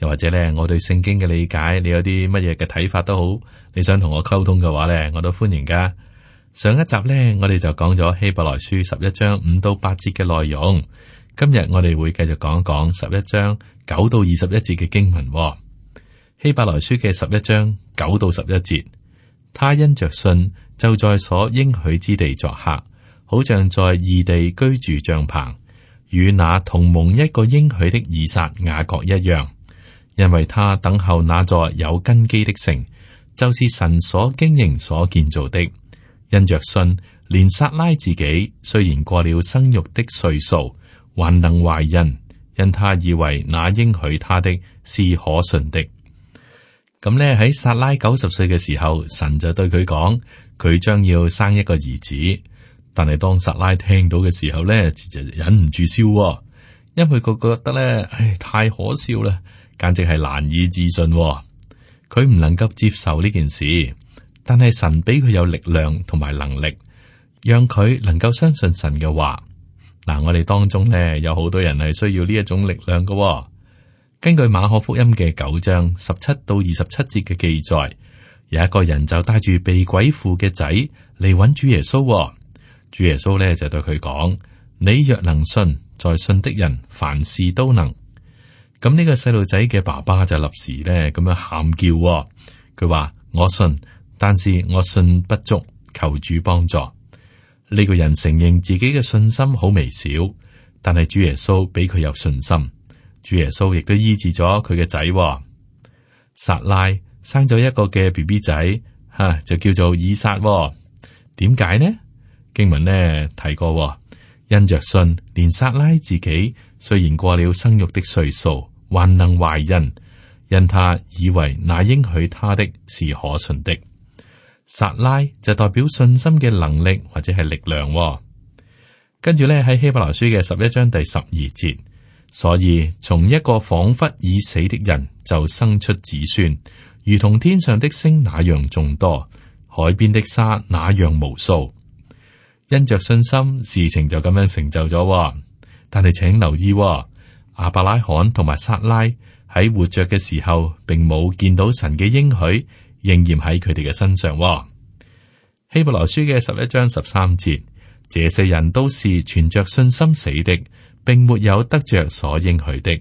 又或者咧，我對聖經嘅理解，你有啲乜嘢嘅睇法都好。你想同我溝通嘅話咧，我都歡迎噶。上一集呢，我哋就講咗希伯來書十一章五到八節嘅內容。今日我哋會繼續講一講十一章九到二十一節嘅經文。希伯來書嘅十一章九到十一節，他因着信就在所應許之地作客，好像在異地居住帳篷，與那同蒙一個應許的以撒、雅各一樣。因為他等候那座有根基的城，就是神所經營所建造的。因着信，連撒拉自己雖然過了生育的歲數，還能懷孕，因他以為那應許他的是可信的。咁呢，喺撒拉九十歲嘅時候，神就對佢講，佢將要生一個兒子。但係當撒拉聽到嘅時候呢，就忍唔住笑，哦，因為佢覺得呢，唉，太可笑喇。簡直係難以置信喎，佢唔能夠接受呢件事，但係神俾佢有力量同埋能力，讓佢能夠相信神嘅話。嗱，我哋當中呢，有好多人係需要呢一種力量嘅㗎喎。根據馬可福音嘅九章十七到二十七節嘅記載，有一個人就帶住被鬼附嘅仔嚟揾主耶穌、哦，主耶穌呢，就對佢講：你若能信，在信的人，凡事都能。咁呢個細路仔嘅爸爸就立時咧咁樣喊叫、哦，佢話我信，但是我信不足，求主幫助。呢、這個人承認自己嘅信心好微小，但係主耶穌俾佢有信心，主耶穌亦都醫治咗佢嘅仔。撒拉生咗一個嘅 B B 仔，吓、啊、就叫做以撒、哦。點解呢？經文呢提過、哦，因着信，連撒拉自己雖然過了生育的歲數。還能懷孕，因他以為那應許他的是可信的。撒拉就代表信心嘅能力或者係力量、哦。跟住呢，喺希伯來書嘅十一章第十二節，所以從一個仿佛已死的人就生出子孫，如同天上的星那樣眾多，海邊的沙那樣無數。因着信心，事情就咁樣成就咗、哦。但係請留意、哦。亞伯拉罕同埋撒拉喺活着嘅時候，並冇見到神嘅應許，仍然喺佢哋嘅身上。希伯來書嘅十一章十三節，這些人都是存着信心死的，並沒有得着所應許的，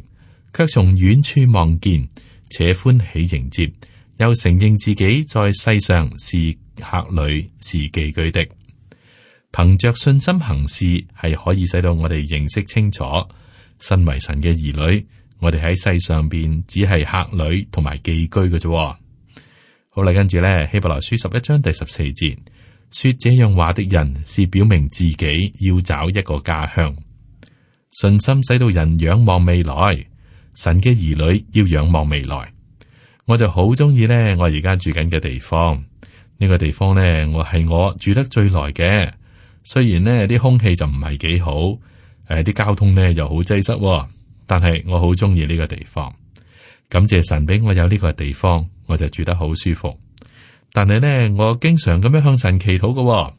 卻從遠處望見，且歡喜迎接，又承認自己在世上是客旅，是寄居的。憑着信心行事，係可以使到我哋認識清楚。身為神嘅兒女，我哋喺世上邊只係客旅同埋寄居嘅啫。好啦，跟住咧，希伯來書十一章第十四節，說這樣話的人是表明自己要找一個家鄉。信心使到人仰望未來，神嘅兒女要仰望未來。我就好中意咧，我而家住緊嘅地方，呢個地方咧，我係我住得最耐嘅。雖然咧啲空氣就唔係幾好。誒，啲、啊、交通呢又好擠塞，但係我好鍾意呢個地方。感謝神俾我有呢個地方，我就住得好舒服。但係呢，我經常咁樣向神祈禱嘅，哦，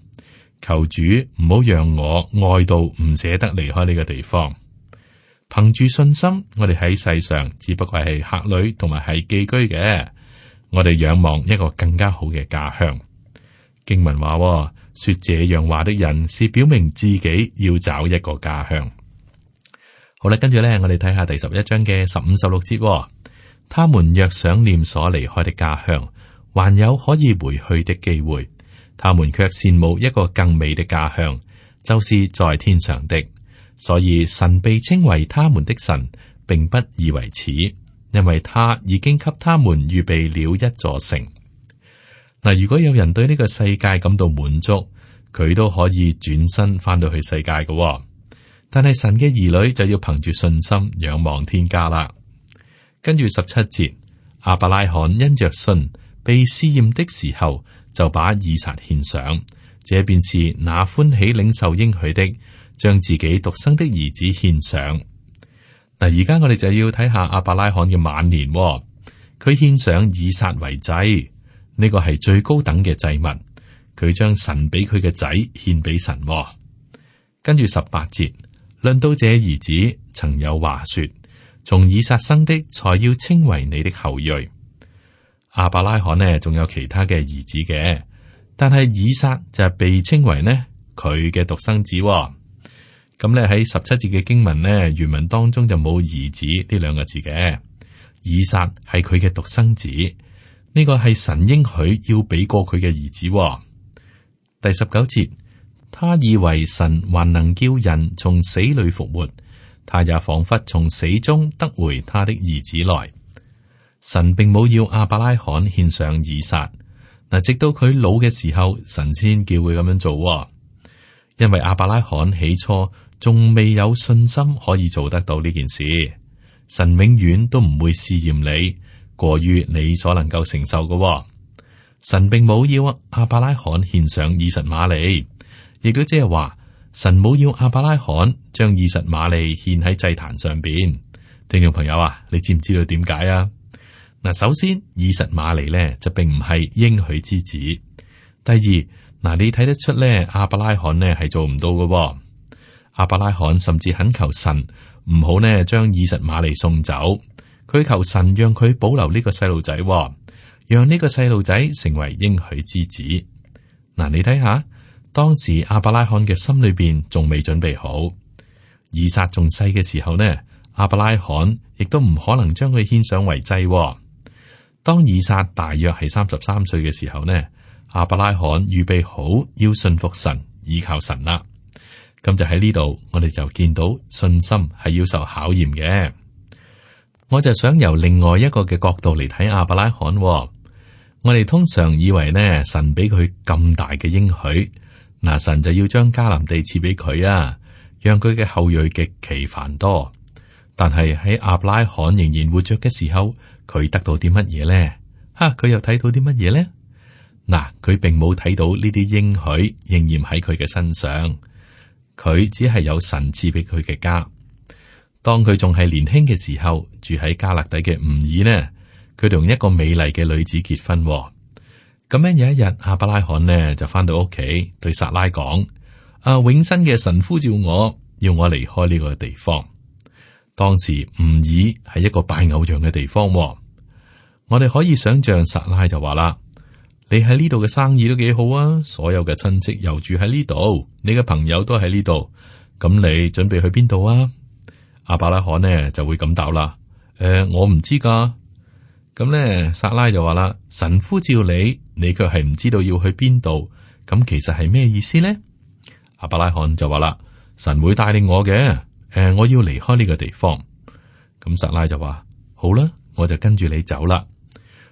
求主唔好讓我愛到唔捨得離開呢個地方。憑住信心，我哋喺世上只不過係客旅，同埋係寄居嘅。我哋仰望一個更加好嘅家鄉。經文話，哦。說這樣話的人是表明自己要找一個家鄉。好啦，跟住呢，我哋睇下第十一章嘅十五十六節、哦。他們若想念所離開的家鄉，還有可以回去的機會，他們卻羨慕一個更美的家鄉，就是在天上的。所以神被稱為他們的神，並不以為恥，因為他已經給他們預備了一座城。嗱，如果有人對呢個世界感到滿足，佢都可以轉身翻到去世界噶、哦。但係神嘅兒女就要憑住信心仰望天家啦。跟住十七節，阿伯拉罕因着信被試驗的時候，就把以撒獻上，這便是那歡喜領受應許的，將自己獨生的兒子獻上。嗱，而家我哋就要睇下阿伯拉罕嘅晚年、哦，佢獻上以撒為祭。呢個係最高等嘅祭物，佢將神俾佢嘅仔獻俾神、哦。跟住十八節，論到這兒子曾有話說：從以撒生的才要稱為你的後裔。亞伯拉罕呢，仲有其他嘅兒子嘅，但係以撒就係被稱為呢佢嘅獨生子、哦。咁咧喺十七節嘅經文呢，原文當中就冇兒子呢兩個字嘅，以撒係佢嘅獨生子。呢個係神應許要俾過佢嘅兒子、哦。第十九節，他以為神還能叫人從死裡復活，他也仿佛從死中得回他的兒子來。神並冇要亞伯拉罕獻上以撒，嗱，直到佢老嘅時候，神先叫佢咁樣做、哦。因為亞伯拉罕起初仲未有信心可以做得到呢件事，神永遠都唔會試驗你。過於你所能夠承受嘅、哦，神並冇要阿伯拉罕獻上以實瑪利，亦都即係話神冇要阿伯拉罕將以實瑪利獻喺祭壇上邊。聽眾朋友啊，你知唔知道點解啊？嗱，首先以實瑪利呢就並唔係應許之子，第二嗱，你睇得出咧，阿伯拉罕呢係做唔到嘅、哦，阿伯拉罕甚至懇求神唔好呢將以實瑪利送走。佢求神讓佢保留呢個細路仔，讓呢個細路仔成為應許之子。嗱、啊，你睇下，當時亞伯拉罕嘅心裏邊仲未準備好，以撒仲細嘅時候呢，亞伯拉罕亦都唔可能將佢獻上為祭。當以撒大約係三十三歲嘅時候呢，亞伯拉罕預備好要信服神，倚靠神啦。咁就喺呢度，我哋就見到信心係要受考驗嘅。我就想由另外一個嘅角度嚟睇阿伯拉罕、哦。我哋通常以為呢神俾佢咁大嘅應許，嗱神就要將迦南地賜俾佢啊，讓佢嘅後裔極其繁多。但係喺阿伯拉罕仍然活着嘅時候，佢得到啲乜嘢呢？吓、啊，佢又睇到啲乜嘢呢？嗱、啊、佢並冇睇到呢啲應許仍然喺佢嘅身上，佢只係有神賜俾佢嘅家。當佢仲係年輕嘅時候，住喺加勒底嘅吾爾呢，佢同一個美麗嘅女子結婚咁、哦、樣。有一日，亞伯拉罕呢就返到屋企，對撒拉講：阿、啊、永生嘅神呼召我，要我離開呢個地方。當時吾爾係一個拜偶像嘅地方、哦，我哋可以想象。撒拉就話啦：你喺呢度嘅生意都幾好啊，所有嘅親戚又住喺呢度，你嘅朋友都喺呢度，咁你準備去邊度啊？阿伯拉罕呢就會咁答啦，誒、呃，我唔知噶，咁呢？撒拉就話啦，神呼召你，你卻係唔知道要去邊度，咁其實係咩意思呢？阿伯拉罕就話啦，神會帶領我嘅，誒、呃，我要離開呢個地方，咁撒拉就話好啦，我就跟住你走啦。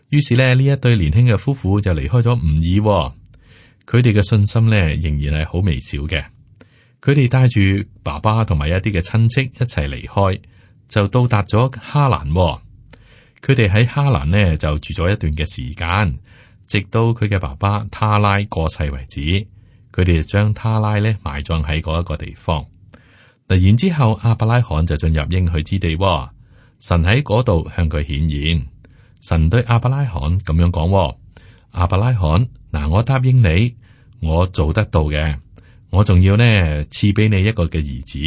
於是呢，呢一對年輕嘅夫婦就離開咗吾珥，佢哋嘅信心呢仍然係好微小嘅。佢哋帶住爸爸同埋一啲嘅親戚一齊離開，就到達咗哈蘭、哦。佢哋喺哈蘭呢就住咗一段嘅時間，直到佢嘅爸爸他拉過世為止。佢哋就將他拉咧埋葬喺嗰一個地方。突然之後亞伯拉罕就進入應許之地、哦。神喺嗰度向佢顯現，神對亞伯拉罕咁樣講、哦：亞伯拉罕，嗱，我答應你，我做得到嘅。我仲要呢，賜俾你一個嘅兒子，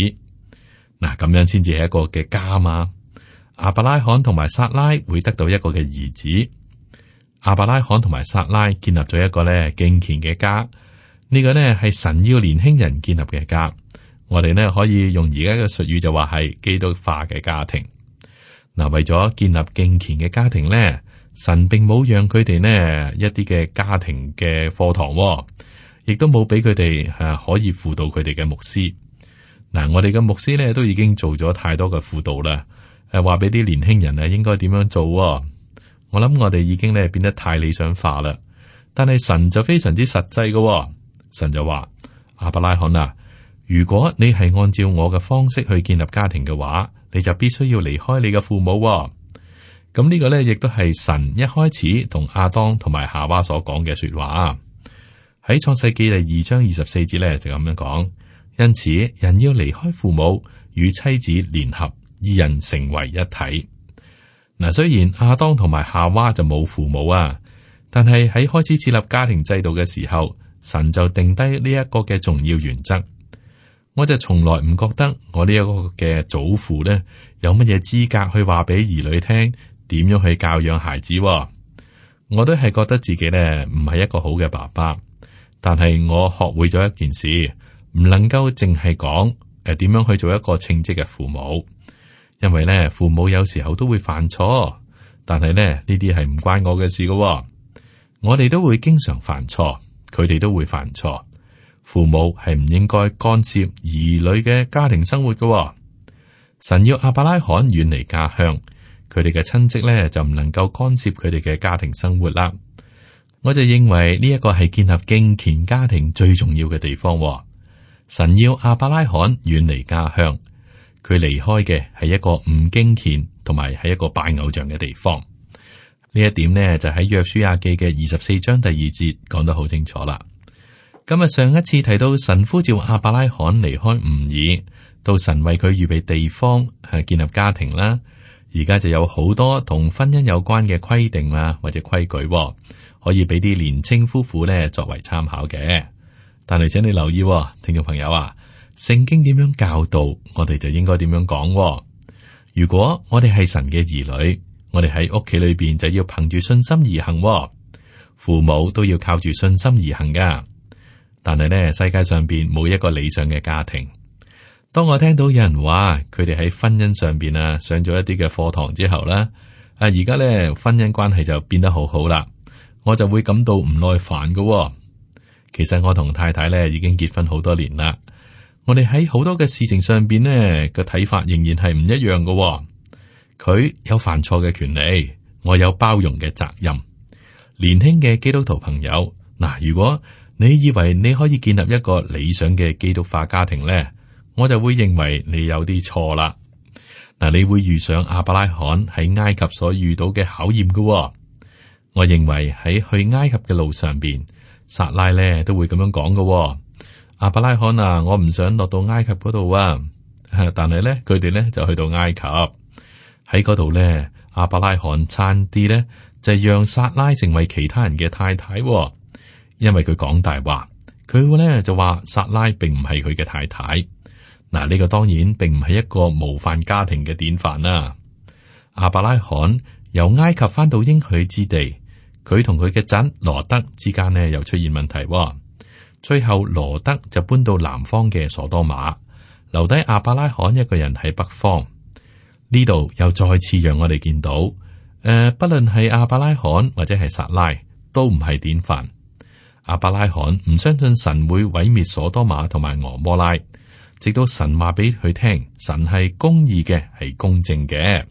嗱，咁樣先至係一個嘅家嘛。亞伯拉罕同埋撒拉會得到一個嘅兒子，亞伯拉罕同埋撒拉建立咗一個咧敬虔嘅家。呢個呢係神要年輕人建立嘅家。我哋呢可以用而家嘅術語就話係基督化嘅家庭。嗱，為咗建立敬虔嘅家庭呢，神並冇讓佢哋呢一啲嘅家庭嘅課堂。亦都冇俾佢哋吓可以輔導佢哋嘅牧師。嗱，我哋嘅牧師呢，都已經做咗太多嘅輔導啦，係話俾啲年輕人啊應該點樣做喎。我諗我哋已經咧變得太理想化啦。但係神就非常之實際嘅喎，神就話亞伯拉罕啊，如果你係按照我嘅方式去建立家庭嘅話，你就必須要離開你嘅父母喎。咁呢個呢，亦都係神一開始同亞當同埋夏娃所講嘅說話。喺創世紀第二章二十四節咧就咁樣講，因此人要離開父母，與妻子聯合，二人成為一體。嗱，雖然亞當同埋夏娃就冇父母啊，但係喺開始設立家庭制度嘅時候，神就定低呢一個嘅重要原則。我就從來唔覺得我呢一個嘅祖父咧有乜嘢資格去話俾兒女聽點樣去教養孩子啊，我都係覺得自己咧唔係一個好嘅爸爸。但係我學會咗一件事，唔能夠淨係講誒點樣去做一個稱職嘅父母，因為咧父母有時候都會犯錯，但係咧呢啲係唔關我嘅事嘅、哦。我哋都會經常犯錯，佢哋都會犯錯。父母係唔應該干涉兒女嘅家庭生活嘅、哦。神要亞伯拉罕遠離家鄉，佢哋嘅親戚咧就唔能夠干涉佢哋嘅家庭生活啦。我就認為呢一個係建立敬虔家庭最重要嘅地方、哦。神要阿伯拉罕遠離家鄉，佢離開嘅係一個唔敬虔，同埋喺一個拜偶像嘅地方。呢一點呢，就喺《約書亞記》嘅二十四章第二節講得好清楚啦。咁啊，上一次提到神呼召阿伯拉罕離開吾爾，到神為佢預備地方，係建立家庭啦。而家就有好多同婚姻有關嘅規定啦、啊，或者規矩、啊。可以俾啲年青夫婦呢作為參考嘅，但係請你留意喎，聽眾朋友啊，聖經點樣教導，我哋就應該點樣講喎。如果我哋係神嘅兒女，我哋喺屋企裏邊就要憑住信心而行喎，父母都要靠住信心而行噶。但係呢，世界上邊冇一個理想嘅家庭。當我聽到有人話佢哋喺婚姻上邊啊上咗一啲嘅課堂之後呢，啊而家呢，婚姻關係就變得好好啦。我就會感到唔耐煩噶、喎。其實我同太太咧已經結婚好多年啦，我哋喺好多嘅事情上邊呢，個睇法仍然係唔一樣噶、喎。佢有犯錯嘅權利，我有包容嘅責任。年輕嘅基督徒朋友，嗱，如果你以為你可以建立一個理想嘅基督化家庭呢，我就會認為你有啲錯啦。嗱，你會遇上亞伯拉罕喺埃及所遇到嘅考驗噶、喎。我認為喺去埃及嘅路上邊，撒拉咧都會咁樣講嘅、哦。亞伯拉罕啊，我唔想落到埃及嗰度啊，但係咧佢哋咧就去到埃及喺嗰度咧，亞伯拉罕差啲咧就係、讓撒拉成為其他人嘅太太,、哦、太太，因為佢講大話，佢咧就話撒拉並唔係佢嘅太太。嗱，呢個當然並唔係一個模範家庭嘅典範啦、啊，亞伯拉罕。由埃及翻到應許之地，佢同佢嘅侄羅德之間呢，又出現問題、哦。最後羅德就搬到南方嘅所多瑪，留低亞伯拉罕一個人喺北方。呢度又再次讓我哋見到，誒、呃，不論係亞伯拉罕或者係撒拉，都唔係典範。亞伯拉罕唔相信神會毀滅所多瑪同埋俄摩拉，直到神話俾佢聽，神係公義嘅，係公正嘅。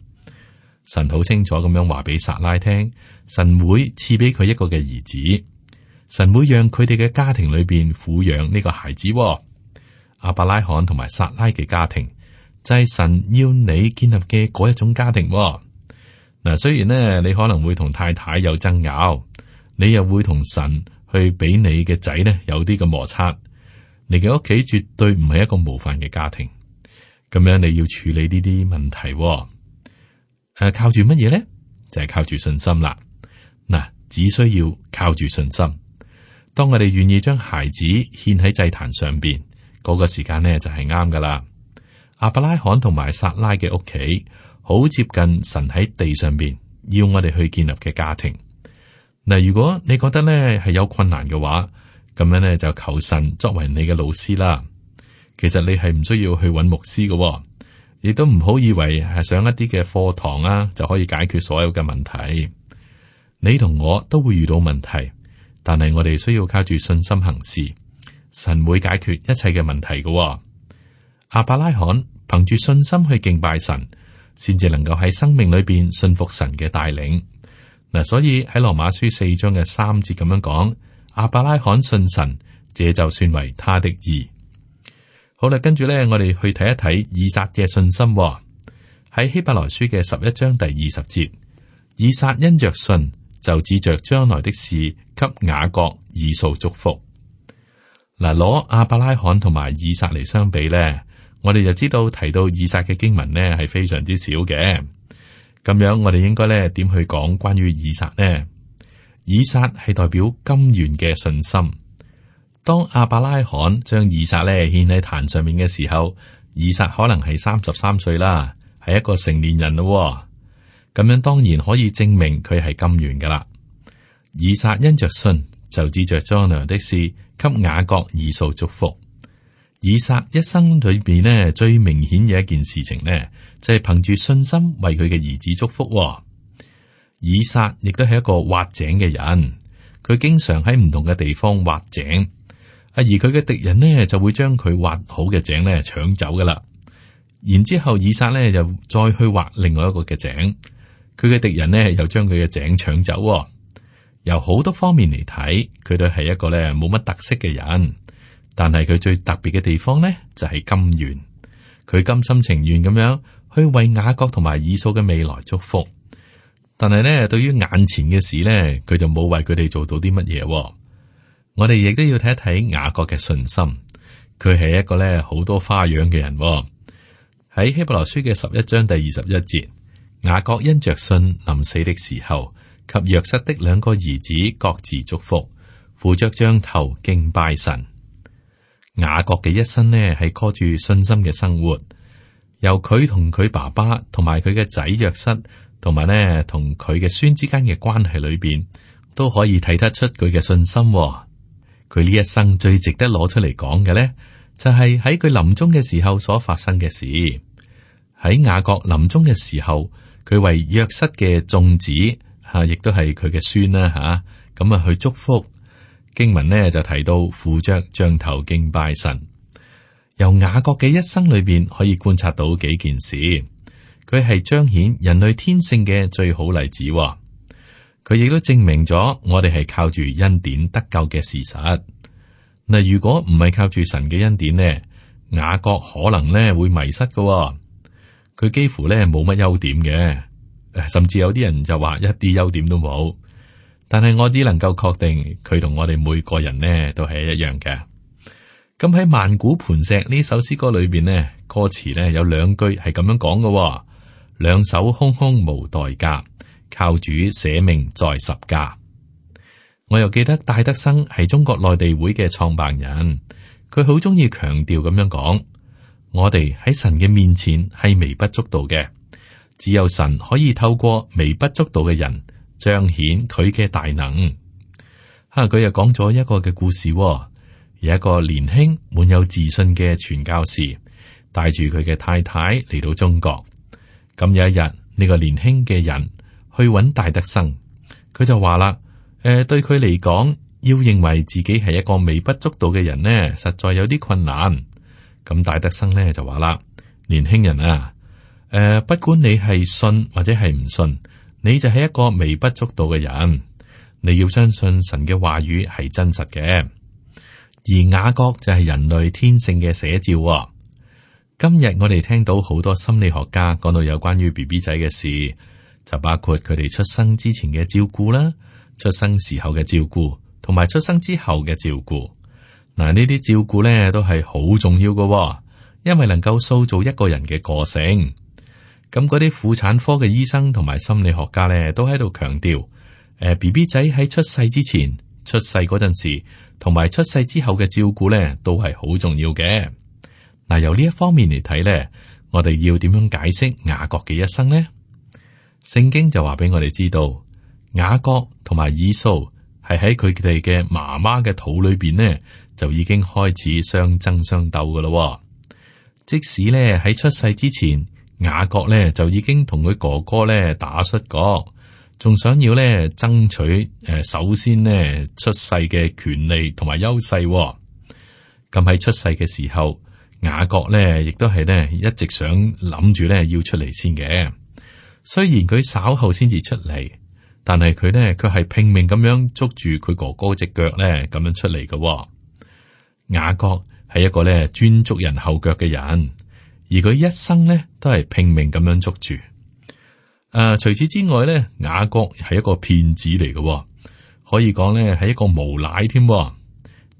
神好清楚咁樣話俾撒拉聽，神會賜俾佢一個嘅兒子，神會讓佢哋嘅家庭裏邊撫養呢個孩子。阿伯拉罕同埋撒拉嘅家庭就係、是、神要你建立嘅嗰一種家庭。嗱，雖然呢，你可能會同太太有爭拗，你又會同神去俾你嘅仔咧有啲嘅摩擦，你嘅屋企絕對唔係一個模範嘅家庭。咁樣你要處理呢啲問題。誒，靠住乜嘢咧？就係、是、靠住信心啦。嗱，只需要靠住信心。當我哋願意將孩子獻喺祭壇上邊，嗰、那個時間咧就係啱㗎啦。亞伯拉罕同埋撒拉嘅屋企，好接近神喺地上邊要我哋去建立嘅家庭。嗱，如果你覺得咧係有困難嘅話，咁樣咧就求神作為你嘅老師啦。其實你係唔需要去揾牧師嘅、哦。亦都唔好以為係上一啲嘅課堂啊，就可以解決所有嘅問題。你同我都會遇到問題，但係我哋需要靠住信心行事，神會解決一切嘅問題嘅，哦。阿伯拉罕憑住信心去敬拜神，先至能夠喺生命裏邊信服神嘅帶領。嗱，所以喺羅馬書四章嘅三節咁樣講，阿伯拉罕信神，這就算為他的義。好啦，跟住咧，我哋去睇一睇以撒嘅信心、哦。喺希伯來書嘅十一章第二十節，以撒因着信就指着將來的事，給雅各以掃祝福。嗱，攞亞伯拉罕同埋以撒嚟相比咧，我哋就知道提到以撒嘅經文咧係非常之少嘅。咁樣我哋應該咧點去講關於以撒呢？以撒係代表甘願嘅信心。當亞伯拉罕將以撒咧獻喺壇上面嘅時候，以撒可能係三十三歲啦，係一個成年人咯、哦。咁樣當然可以證明佢係甘願噶啦。以撒因着信，就指着將來的事，給雅各、以掃祝福。以撒一生裏邊呢，最明顯嘅一件事情呢，就係、是、憑住信心為佢嘅兒子祝福、哦。以撒亦都係一個挖井嘅人，佢經常喺唔同嘅地方挖井。啊！而佢嘅敵人呢，就會將佢挖好嘅井咧搶走噶啦。然之後以撒呢，就再去挖另外一個嘅井。佢嘅敵人呢，又將佢嘅井搶走。由好多方面嚟睇，佢都係一個咧冇乜特色嘅人。但係佢最特別嘅地方呢，就係甘願，佢甘心情願咁樣去為雅各同埋以掃嘅未來祝福。但係呢，對於眼前嘅事呢，佢就冇為佢哋做到啲乜嘢。我哋亦都要睇一睇雅各嘅信心，佢係一個咧好多花樣嘅人、哦。喺希伯來書嘅十一章第二十一節，雅各因着信臨死的時候，及約瑟的兩個兒子各自祝福，扶着杖頭敬拜神。雅各嘅一生呢係靠住信心嘅生活，由佢同佢爸爸同埋佢嘅仔約瑟，同埋呢同佢嘅孫之間嘅關係裏邊，都可以睇得出佢嘅信心、哦。佢呢一生最值得攞出嚟講嘅呢就係喺佢臨終嘅時候所發生嘅事。喺雅各臨終嘅時候，佢為約瑟嘅眾子吓，亦都係佢嘅孫啦吓，咁啊去祝福經文呢，就提到扶着杖頭，敬拜神。由雅各嘅一生裏邊可以觀察到幾件事，佢係彰顯人類天性嘅最好例子。佢亦都證明咗我哋係靠住恩典得救嘅事實。嗱，如果唔係靠住神嘅恩典呢，雅各可能咧會迷失噶喎。佢幾乎咧冇乜優點嘅，甚至有啲人就話一啲優點都冇。但係我只能夠確定佢同我哋每個人呢都係一樣嘅。咁喺萬古磐石呢首詩歌裏邊呢，歌詞咧有兩句係咁樣講嘅：兩手空空無代價。靠主捨命，在十家。我又記得戴德生係中國內地會嘅創辦人，佢好鍾意強調咁樣講，我哋喺神嘅面前係微不足道嘅，只有神可以透過微不足道嘅人彰顯佢嘅大能。吓、啊，佢又講咗一個嘅故事、哦，有一個年輕、滿有自信嘅傳教士帶住佢嘅太太嚟到中國。咁有一日，呢、這個年輕嘅人，去揾戴德生，佢就話啦：，誒、呃，對佢嚟講，要認為自己係一個微不足道嘅人呢，實在有啲困難。咁戴德生咧就話啦：，年輕人啊，誒、呃，不管你係信或者係唔信，你就係一個微不足道嘅人。你要相信神嘅話語係真實嘅，而雅各就係人類天性嘅寫照，哦。今日我哋聽到好多心理學家講到有關於 B B 仔嘅事。就包括佢哋出生之前嘅照顧啦，出生時候嘅照顧，同埋出生之後嘅照顧。嗱，呢啲照顧咧都係好重要噶喎，因為能夠塑造一個人嘅個性。咁嗰啲婦產科嘅醫生同埋心理學家咧，都喺度強調，誒、呃，B B 仔喺出世之前、出世嗰陣時，同埋出世之後嘅照顧咧，都係好重要嘅。嗱，由呢一方面嚟睇咧，我哋要點樣解釋雅各嘅一生咧？聖經就話俾我哋知道，雅各同埋以掃係喺佢哋嘅媽媽嘅肚裏邊呢，就已經開始相爭相鬥噶咯。即使呢喺出世之前，雅各呢就已經同佢哥哥呢打摔角，仲想要呢爭取誒首先呢出世嘅權利同埋優勢。咁喺出世嘅時候，雅各呢亦都係呢一直想諗住呢要出嚟先嘅。雖然佢稍後先至出嚟，但係佢呢，卻係拼命咁樣捉住佢哥哥隻腳呢咁樣出嚟嘅，哦。雅各係一個呢專捉人後腳嘅人，而佢一生呢都係拼命咁樣捉住。誒、呃，除此之外呢，雅各係一個騙子嚟嘅，哦，可以講呢係一個無賴添。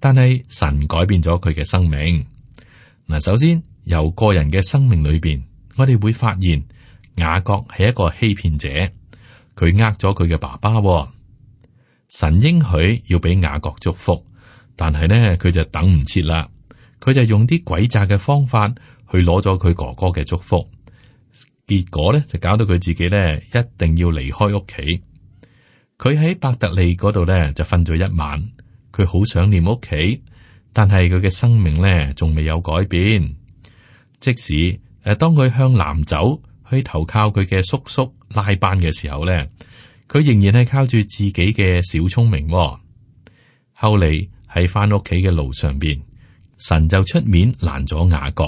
但係神改變咗佢嘅生命。嗱，首先由個人嘅生命裏邊，我哋會發現。雅各係一個欺騙者，佢呃咗佢嘅爸爸。神應許要俾雅各祝福，但係呢，佢就等唔切啦。佢就用啲詭詐嘅方法去攞咗佢哥哥嘅祝福，結果呢，就搞到佢自己呢一定要離開屋企。佢喺伯特利嗰度呢，就瞓咗一晚，佢好想念屋企，但係佢嘅生命呢，仲未有改變。即使誒，當佢向南走。去投靠佢嘅叔叔拉班嘅時候咧，佢仍然係靠住自己嘅小聰明、哦。後嚟喺翻屋企嘅路上邊，神就出面攔咗雅各。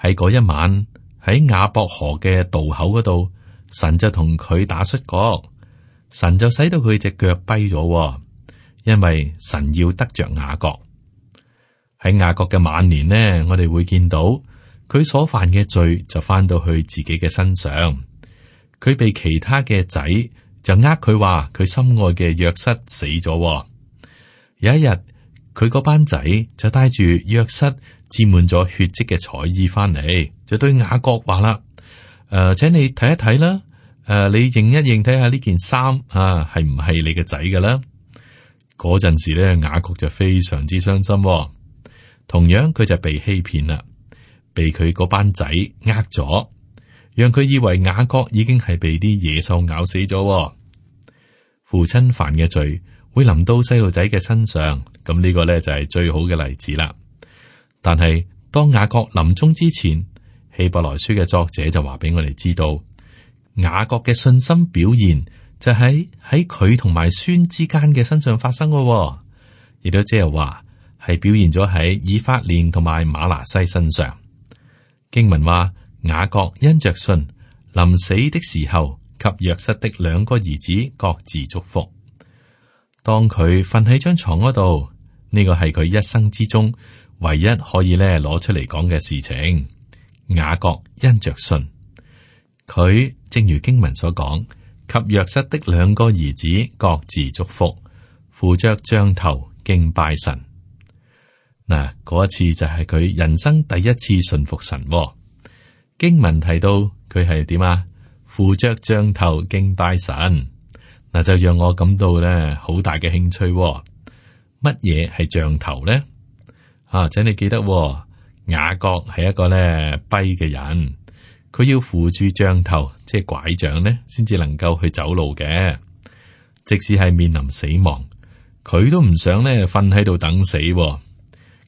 喺嗰一晚喺雅博河嘅渡口嗰度，神就同佢打摔角。神就使到佢隻腳跛咗，因為神要得着雅各。喺雅各嘅晚年呢，我哋會見到。佢所犯嘅罪就翻到去自己嘅身上，佢被其他嘅仔就呃佢話，佢心愛嘅約瑟死咗。有一日，佢嗰班仔就帶住約瑟沾滿咗血跡嘅彩衣翻嚟，就對雅各話啦：誒、呃，請你睇一睇啦，誒、呃，你認一認睇下件、啊、是是呢件衫啊，係唔係你嘅仔嘅啦？嗰陣時咧，雅各就非常之傷心、哦，同樣佢就被欺騙啦。被佢嗰班仔呃咗，讓佢以為雅各已經係被啲野獸咬死咗。父親犯嘅罪會臨到細路仔嘅身上，咁呢個咧就係最好嘅例子啦。但係當雅各臨終之前，希伯來書嘅作者就話俾我哋知道，雅各嘅信心表現就喺喺佢同埋孫之間嘅身上發生嘅，亦都即係話係表現咗喺以法蓮同埋馬拿西身上。經文話雅各因着信，臨死的時候及約瑟的兩個兒子各自祝福。當佢瞓喺張床嗰度，呢個係佢一生之中唯一可以咧攞出嚟講嘅事情。雅各因着信，佢正如經文所講，及約瑟的兩個兒子各自祝福，扶着杖頭敬拜神。嗱，嗰一次就係佢人生第一次順服神、哦、經文提到佢係點啊？扶着杖頭敬拜神，嗱，就讓我感到咧好大嘅興趣、哦。乜嘢係杖頭咧？啊，請、就是、你記得、哦、雅各係一個咧跛嘅人，佢要扶住杖頭，即係拐杖咧，先至能夠去走路嘅。即使係面臨死亡，佢都唔想咧瞓喺度等死、哦。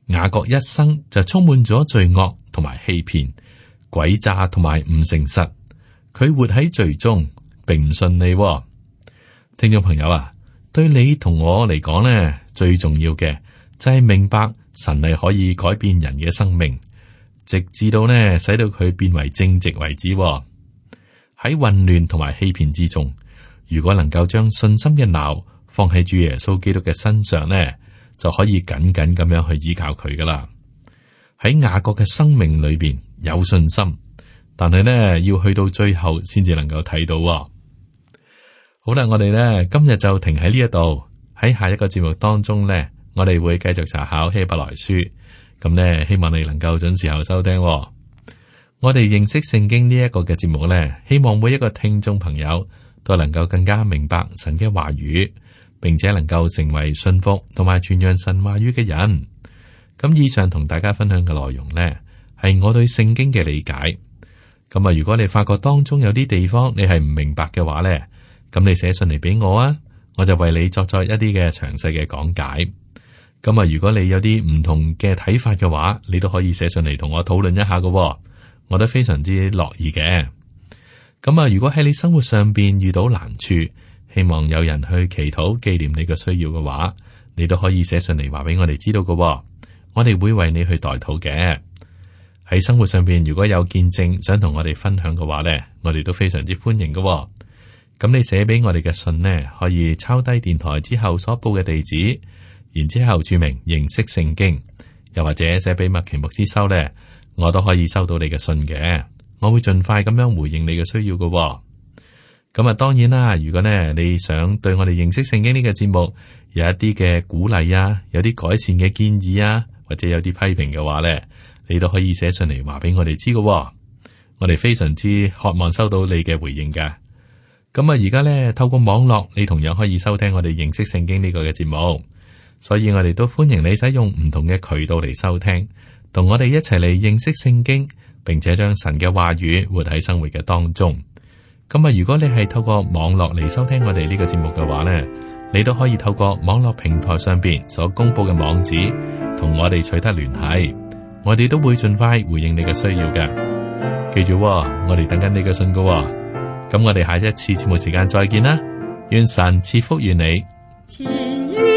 雅各一生就充滿咗罪惡同埋欺騙、詭詐同埋唔誠實，佢活喺罪中，並唔順利。聽眾朋友啊，對你同我嚟講呢，最重要嘅就係明白神係可以改變人嘅生命，直至到呢，使到佢變為正直為止。喺混亂同埋欺騙之中，如果能夠將信心嘅錨放喺主耶穌基督嘅身上呢。就可以緊緊咁樣去依靠佢噶啦。喺雅各嘅生命裏邊有信心，但係呢，要去到最後先至能夠睇到、哦。好啦，我哋呢，今日就停喺呢一度。喺下一個節目當中呢，我哋會繼續查考希伯來書。咁呢，希望你能夠準時候收聽、哦。我哋認識聖經呢一個嘅節目呢，希望每一個聽眾朋友都能夠更加明白神嘅話語。並且能夠成為信服同埋傳揚神話語嘅人。咁以上同大家分享嘅內容呢，係我對聖經嘅理解。咁啊，如果你發覺當中有啲地方你係唔明白嘅話呢，咁你寫信嚟俾我啊，我就為你作咗一啲嘅詳細嘅講解。咁啊，如果你有啲唔同嘅睇法嘅話，你都可以寫信嚟同我討論一下㗎，我都非常之樂意嘅。咁啊，如果喺你生活上邊遇到難處。希望有人去祈禱紀念你嘅需要嘅話，你都可以寫信嚟話俾我哋知道嘅、哦。我哋會為你去代禱嘅。喺生活上邊如果有見證想同我哋分享嘅話呢，我哋都非常之歡迎嘅、哦。咁你寫俾我哋嘅信呢，可以抄低電台之後所報嘅地址，然之後注明認識聖經，又或者寫俾麥其牧師收呢，我都可以收到你嘅信嘅。我會盡快咁樣回應你嘅需要嘅、哦。咁啊，當然啦，如果呢，你想對我哋認識聖經呢個節目有一啲嘅鼓勵啊，有啲改善嘅建議啊，或者有啲批評嘅話咧，你都可以寫上嚟話俾我哋知噶。我哋非常之渴望收到你嘅回應噶。咁啊，而家咧透過網絡，你同樣可以收聽我哋認識聖經呢個嘅節目，所以我哋都歡迎你使用唔同嘅渠道嚟收聽，同我哋一齊嚟認識聖經，並且將神嘅話語活喺生活嘅當中。咁啊！如果你係透過網絡嚟收聽我哋呢個節目嘅話呢，你都可以透過網絡平台上邊所公布嘅網址，同我哋取得聯繫，我哋都會盡快回應你嘅需要嘅。記住，哦，我哋等緊你嘅信噶，哦。咁我哋下一次節目時間再見啦！願神賜福與你。